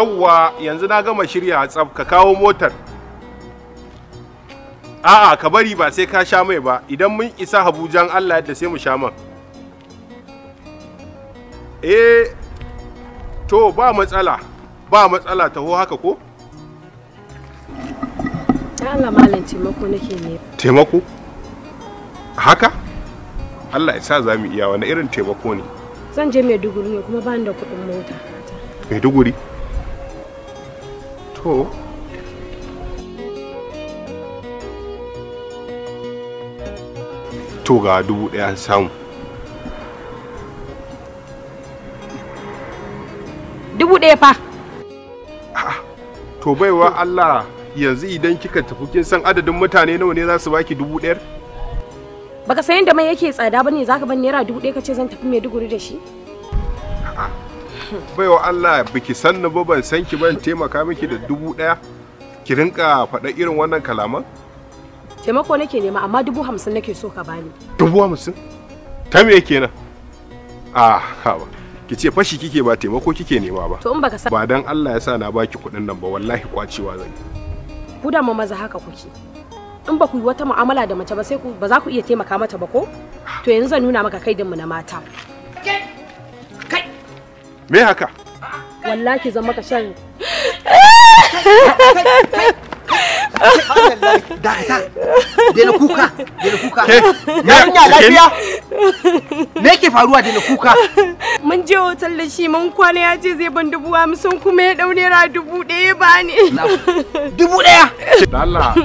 yawwa yanzu na gama shirya tsaf ka kawo motar a'a ka bari ba sai ka sha mai ba idan mun isa habujan allah yadda sai mu sha man eh to ba matsala ba matsala taho haka ko Allah malam taimako nake ne taimako haka Allah ya sa za mu iya wani irin taimako ne zan je maiduguri ne kuma ba ni da kuɗin mota maiduguri to to ga dubu daya samu dubu daya fa to baiwa Allah yanzu idan kika tafi kin san adadin mutane nawa ne za su baki dubu ɗayar baka san da mai yake tsada bane ka ban naira dubu ɗaya ce zan tafi Maiduguri da shi baiwa Allah biki sanni ba ban san ki ban taimaka miki da dubu ɗaya ki rinka faɗa irin wannan kalaman? Taimako nake nema amma dubu hamsin nake so ka bani. Dubu hamsin? Ta me kenan? Ah, haba. Ki ce fashi kike ba taimako kike nema ba. To in baka Ba dan Allah ya sa na baki kuɗin nan ba wallahi kwacewa zan yi. Ku da mu maza haka kuke. In ba ku yi wata mu'amala da mace ba sai ku ba za ku iya taimaka mata ba ko? Ah. To yanzu zan nuna maka kaidinmu na mata. me haka wallahi zan maka shan da ta daina kuka daina kuka yarinya lafiya me ke faruwa daina kuka mun je hotel da shi mun kwana ya ce zai ban dubu hamsin kuma ya daure ra dubu ɗaya ba ne dubu ɗaya Allah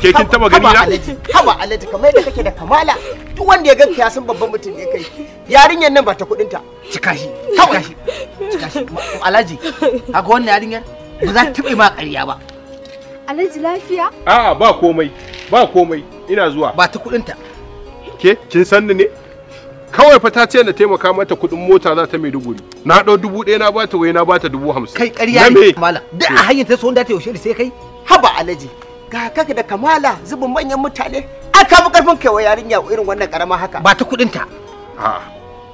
ke kin taba gani na haba alaji kamar da kake da kamala duk wanda ya ganka ya san babban mutum ne kai yarinyar nan ba ta kudin ta cika shi cika shi cika shi alaji kaga wannan yarinyar ba za ta taba ma ƙarya ba alaji lafiya a'a ba komai ba komai ina zuwa ba ta kudin ta ke kin san ni ne kawai fa ta ce na taimaka mata kuɗin mota za ta mai dubu na ɗau dubu ɗaya na bata wai na bata dubu hamsin kai ƙarya ne mala duk a hanyar ta so da ta yaushe sai kai haba alaji ga kaka da kamala zubin manyan mutane aka fi karfin kaiwa yarinya irin wannan karama haka ba ta kudin ta a'a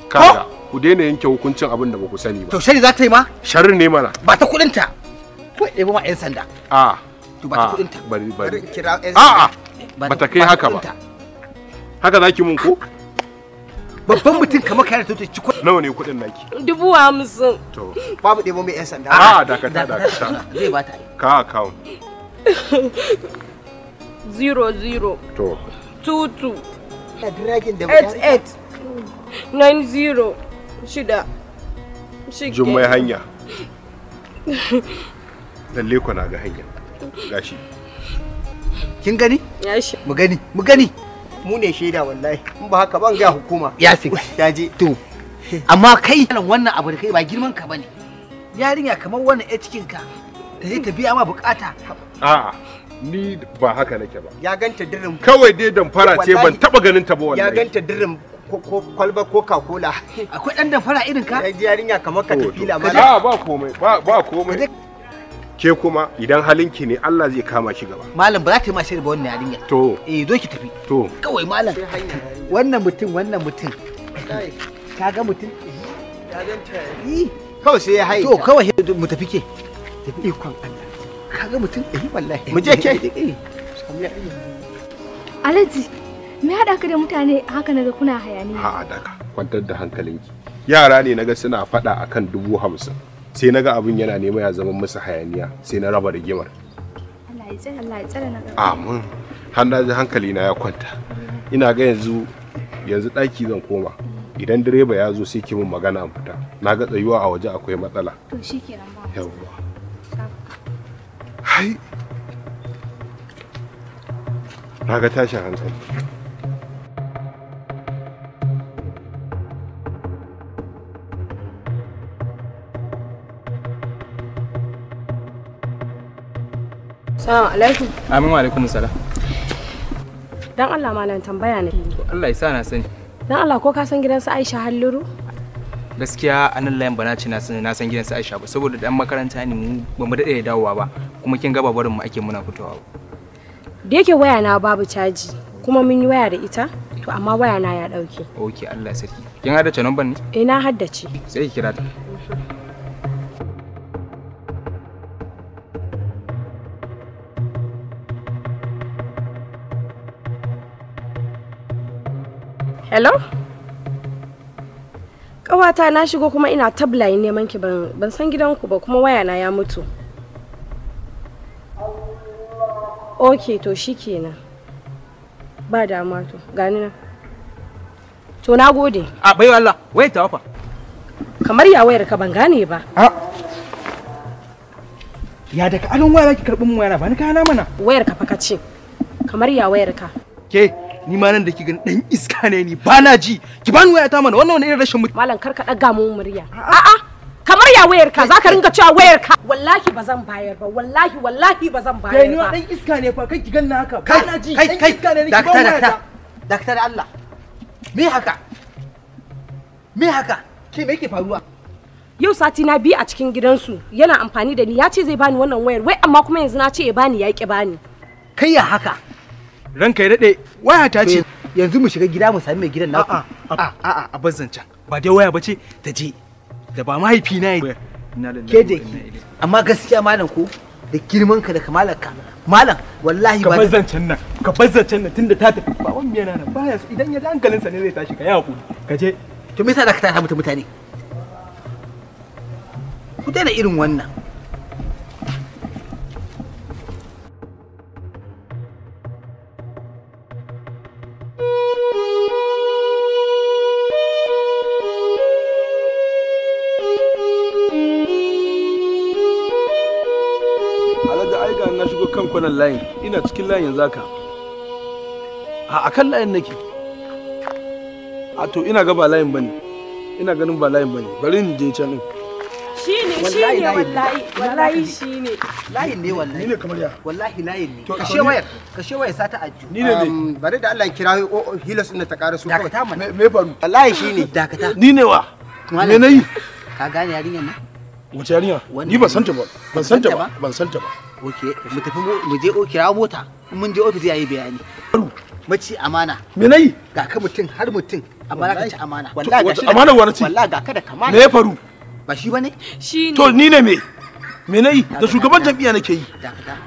kaga ku daina yanke hukuncin abin da baku sani ba to shari za ta yi ma sharri ne mana ba ta kudin ta ko ɗebo ma yan sanda a'a to ba ta kudin ta bari bari kira yan a'a ba ta kai haka ba haka zaki mun ko babban mutum kamar kayar ta ci kuɗi. Nawa ne kudin naki? Dubu hamsin. To. Babu ɗebo mai 'yan sanda. A'a dakata dakata. Zai ba ta. Ka account. zero zero two two eight eight nine zero shida jummai hanya lalle ku na ga hanya gashi kin gani mu gani mu gani mu ne shaida wallahi in ba haka ban ga hukuma ya fi yaje to amma kai wannan abu da kai ba girman ka bane yarinya kamar wannan ya cikin ka ta yi ta biya ma bukata a'a ni ba haka nake ba ya ganta dirin kawai dai damfara ce ban taba ganin ta ba wallahi ya ganta dirin ko kwalba ko kakola. akwai dan damfara irin ka Ai yarinya kamar ka tafila ma a ba komai ba ba komai ke kuma idan halinki ne Allah zai kama shi gaba malam ba za ta yi mashi ba wannan yarinya to eh zo ki tafi to kawai malam wannan mutum wannan mutum ka ga mutum Ka ganta. kawai sai ya haye to kawai mu tafi ke da ikon Allah kaga mutum ɗari wallahi mu je ke eh, Alhaji me haɗa ka da mutane haka naga kuna hayaniya a'a daka kwantar da hankalinki yara ne naga suna faɗa akan dubu hamsin sai naga abin yana nema ya zama musu hayaniya sai na raba rigimar Allah ya tsare amin har hankali na ya kwanta ina ga yanzu yanzu ɗaki zan koma idan direba ya zo sai ke min magana an fita na ga tsayuwa a waje akwai matsala to shikenan ba kai raga tashin hankali Salamu alaikum. Amin wa alaikum salam. Dan Allah malam tambaya ne. Allah ya sa na sani. Dan Allah ko ka san gidan su Aisha halluru Gaskiya anan layin bana ce na sani na san gidan su Aisha ba saboda dan makaranta ne mu ba mu dade da dawowa ba. kuma kin ga babarin mu ake muna fitowa da yake waya na babu caji kuma mun yi waya da ita to amma waya na ya dauke okay Allah sarki kin haddace number ne eh na haddace sai ki kira ta Hello? Kawata na shigo kuma ina tablayin neman ki ban san gidanku ba kuma waya na ya mutu. ok to shikenan ba damuwa to gani nan to na gode a bai Allah wai ta fa. kamar ya wayar ka ban gane ba ya daga anan waya ki karɓi mun wayana ba ni kana mana wayar ka fa ce kamar ya wayar ka ke ni ma nan da ki gani dan iska ne ni ba na ji ki bani waya ta mana wannan wani irin rashin mutum malam kar ka daga mu murya kamar ya wayar ka zaka ringa cewa wayar ka wallahi ba zan bayar ba wallahi wallahi ba zan bayar ba wa dan iska ne fa kai ki ganna haka ba kai ji kai iska ne ki ba dakta dakta Allah me haka me haka ke me yake faruwa yau sati na bi a cikin gidansu yana amfani da ni ya ce zai bani wannan wayar wai amma kuma yanzu na ce ya bani ya ki bani kai ya haka ranka ya daɗe waya ta ce yanzu mu shiga gida mu sami mai gidan naku a a a a can ba dai waya bace ta je da ba mahaifi na yi ke da ke amma gaskiya malam ko da girman ka da kamalar ka malam wallahi ba ka zancen nan ka zancen nan tunda ta tafi ba wani yana nan baya su idan ya ji sa ne zai tashi ka yi hakuri ka je to me yasa da ka tara mutane ku daina irin wannan kwanan layin ina cikin layin yanzu haka a akan layin nake a to ina ga ba layin bane ina ganin ba layin bane bari ni je can din shine shine wallahi wallahi shine layin ne wallahi ni ne kamar ya wallahi layin ne to kashe wayar kashe wayar sata ajju ni ne ne bari da Allah ya kira hilas din ta ƙara su dakata mana me faru wallahi shine dakata ni ne wa me nayi ka gane yarinyar ne wace yarinya ni ban santa ba ban santa ba ban santa ba ok mu tafi mu je kira mota mun je ofis yayi bayani mace amana me nayi ga ka mutum har mutum ka ci amana wallahi ga shi amana wallahi ga ka da kamana me ya faru ba shi bane shi ne to ni ne me me nayi da shugaban jam'iyya nake yi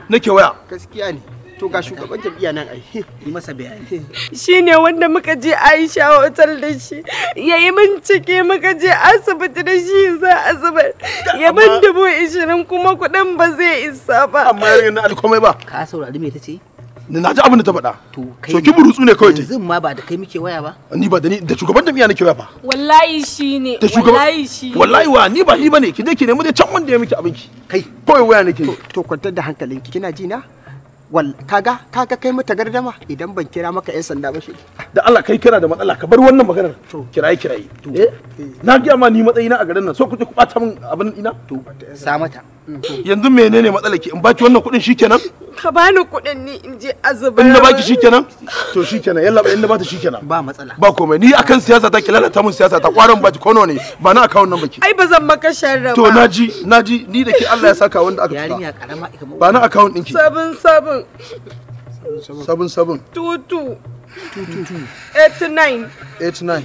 nake waya gaskiya ne to ga shugaban jam'iyya nan ai yi masa bayani shine wanda muka je Aisha hotel da shi yayi min cike muka je asibiti da shi za a zuba ya ban dubu 20 kuma kuɗin ba zai isa ba amma yana alkomai ba ka saurari me ce ni na ji abin da ta faɗa. To kai so ki burutsu ne kawai. Yanzu ma ba da kai muke waya ba. Ni ba da ni da shugaban jami'a nake waya ba. Wallahi shine. Wallahi shi. Wallahi wa ni ba ni bane ki je ki nemi da can wanda ya miki abinki. Kai. Kawai waya nake. To kwantar da hankalinki kina ji na? wal kaga kaga kai mata gardama idan ban kira maka yan sanda ba shi da Allah kai kira da matsala ka bar wannan maganar kirayi kiraye eh? na ga ma ni matsayina a garin nan so kuke ku bata min abin ina to sa mata yanzu menene matsalar ki in baki wannan kuɗin shikenan ka bani kuɗin ni in je azubar in na baki shikenan to shikenan yalla in na bata shikenan ba matsala ba komai ni akan siyasa ta ki lalata mun siyasa ta kwaron baki kono ne ba na akawun nan baki ai ba zan maka sharra to naji naji ni da ke Allah ya saka wanda aka yarinya karama ba na akawun ɗinki sabun sabun sabun sabun tutu tutu 89 89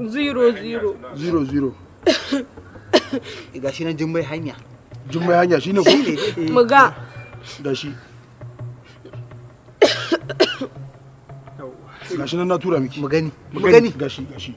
00 00 gashi nan jin mai hanya jumai hanya shi shine ko eh, eh. mu ga shi gashi nan na tura miki mu gani mu gani gashi gashi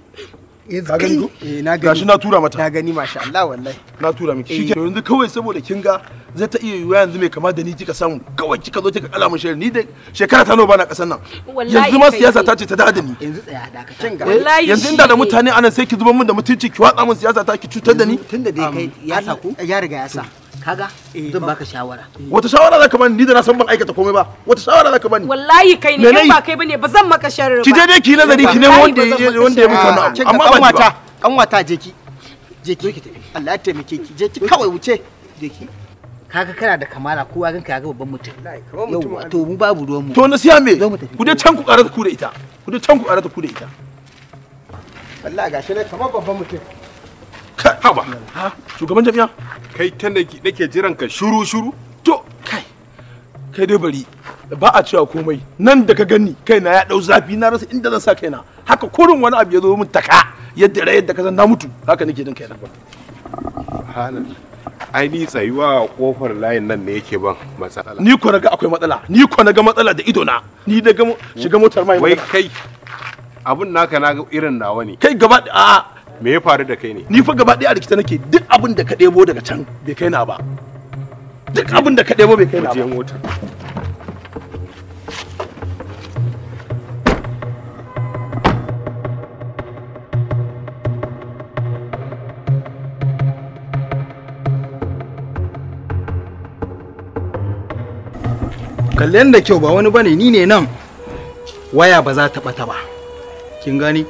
ka gani eh na gani gashi na tura mata na gani masha Allah wallahi na tura miki shi shike eh. yanzu kawai saboda kin ga zai ta iya yiwuwa yanzu mai kama da ni kika samu kawai kika zo kika kala mun shari'a ni da shekara ta nawa bana kasan nan yanzu ma siyasa ta ce ta da ni yanzu tsaya da dakatan ga wallahi yanzu inda da mutane anan sai ki zuba mun da mutunci ki watsa mun siyasa ta ki cutar da ni tunda dai kai ya sa ku ya riga ya sa kaga eh, zan baka shawara wata shawara zaka bani ni da na san ban aikata komai ba wata shawara zaka bani wallahi kai ne in ba kai bane ba zan maka sharri ba ki je ki nazari ki wanda wanda ya miki wannan amma ban wata kan wata je ki je ki Allah ya taimake ki je ki kawai wuce je ki kaga kana da kamala kowa gan ka ga babban mutum yauwa to mu babu ruwan mu to na siya me ku je can ku karata ku da ita ku je can ku karata ku da ita wallahi gashi ne kamar babban mutum haba shugaban jami'a kai ta nake jiran ka shuru shuru to kai kai dai bari ba a cewa komai nan da ka gani kaina ya dau zafi na rasa inda zan sa kaina haka kurin wani abu ya zo min taka yadda rai yadda ka san na mutu haka nake jin kaina subhanallah ai ni tsayuwa kofar layin nan ne yake ban matsala ni ko naga akwai matsala ni ko naga matsala da ido na ni da shiga motar mai wai kai abun naka naga irin nawa ne kai gaba a me ya faru da kai ne ni fa gaba ɗaya a rikita nake duk abin da ka debo daga can bai kai na ba duk abin da ka debo bai kai na ba mota kalli da kyau ba wani bane ni ne nan waya ba za ta ɓata ba kin gani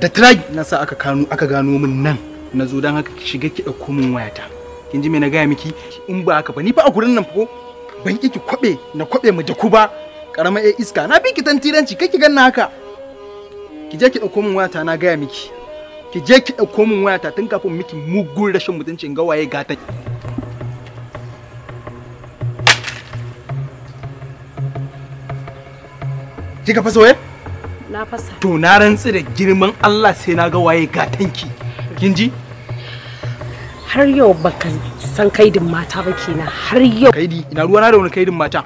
da tragi na sa aka kano aka gano min nan na zo don haka shiga ki ɗauko min wayata kin ji me na gaya miki in ba haka ba ni fa a gurin nan fa ban ki kwabe na kwabe mu da ku ba karama ya iska na bi ki tantiranci kai ki ganna haka ki je ki ɗauko min wayata na gaya miki ki je ki ɗauko min wayata tun kafin miki mugun rashin mutuncin ga waye gata kika fasa wayar na fasa to na rantsi da girman Allah sai na ga waye ga tanki. kin ji har yau baka san kaidin mata ba kenan har yau kaidi ina ruwa na da wani kaidin mata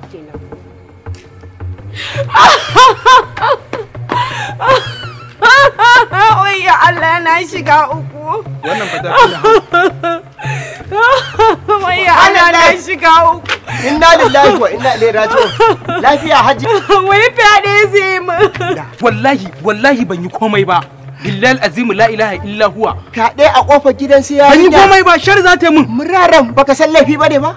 Oi ya Allah na shiga uku. Wannan fata. Oi ya Allah na shiga uku. inna lillahi wa inna ilaihi raji'un lafiya haji wai fyaɗe zai mu wallahi wallahi ban yi komai ba billal azimu la ilaha illa huwa fyaɗe a kofar gidan su yarinya ban yi komai ba shar za ta yi mun. muraran baka san laifi ne ba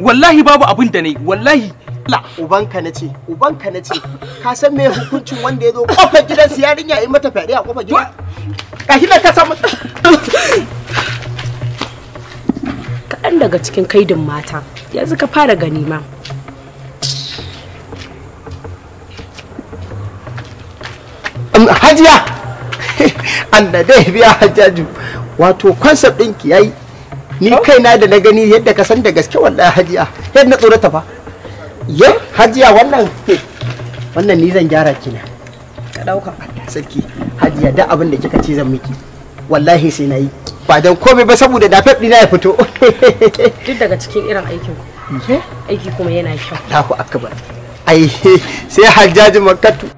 wallahi babu abin da nayi wallahi Allah ubanka na ce ubanka na ce ka san me hukuncin wanda ya zo kofar gidan su yarinya in mata fyaɗe a kofar gidan ka hina ka san kaɗan daga cikin kaidin mata yanzu ka fara gani ma hajiya Allah dai biya hajjaju wato concept ɗinki yayi ni oh. kaina da na gani yadda ka san da gaske wallahi hajiya yadda na tsorata fa ye hajiya wannan wannan ni zan gyara kina ka dauka sarki hajiya da abin da kika ce zan miki wallahi sai na yi ba dan komai ba saboda da faɗi na ya fito duk daga cikin irin aikin ku aiki kuma yana kyau Allahu akbar ai sai hajjaji makatu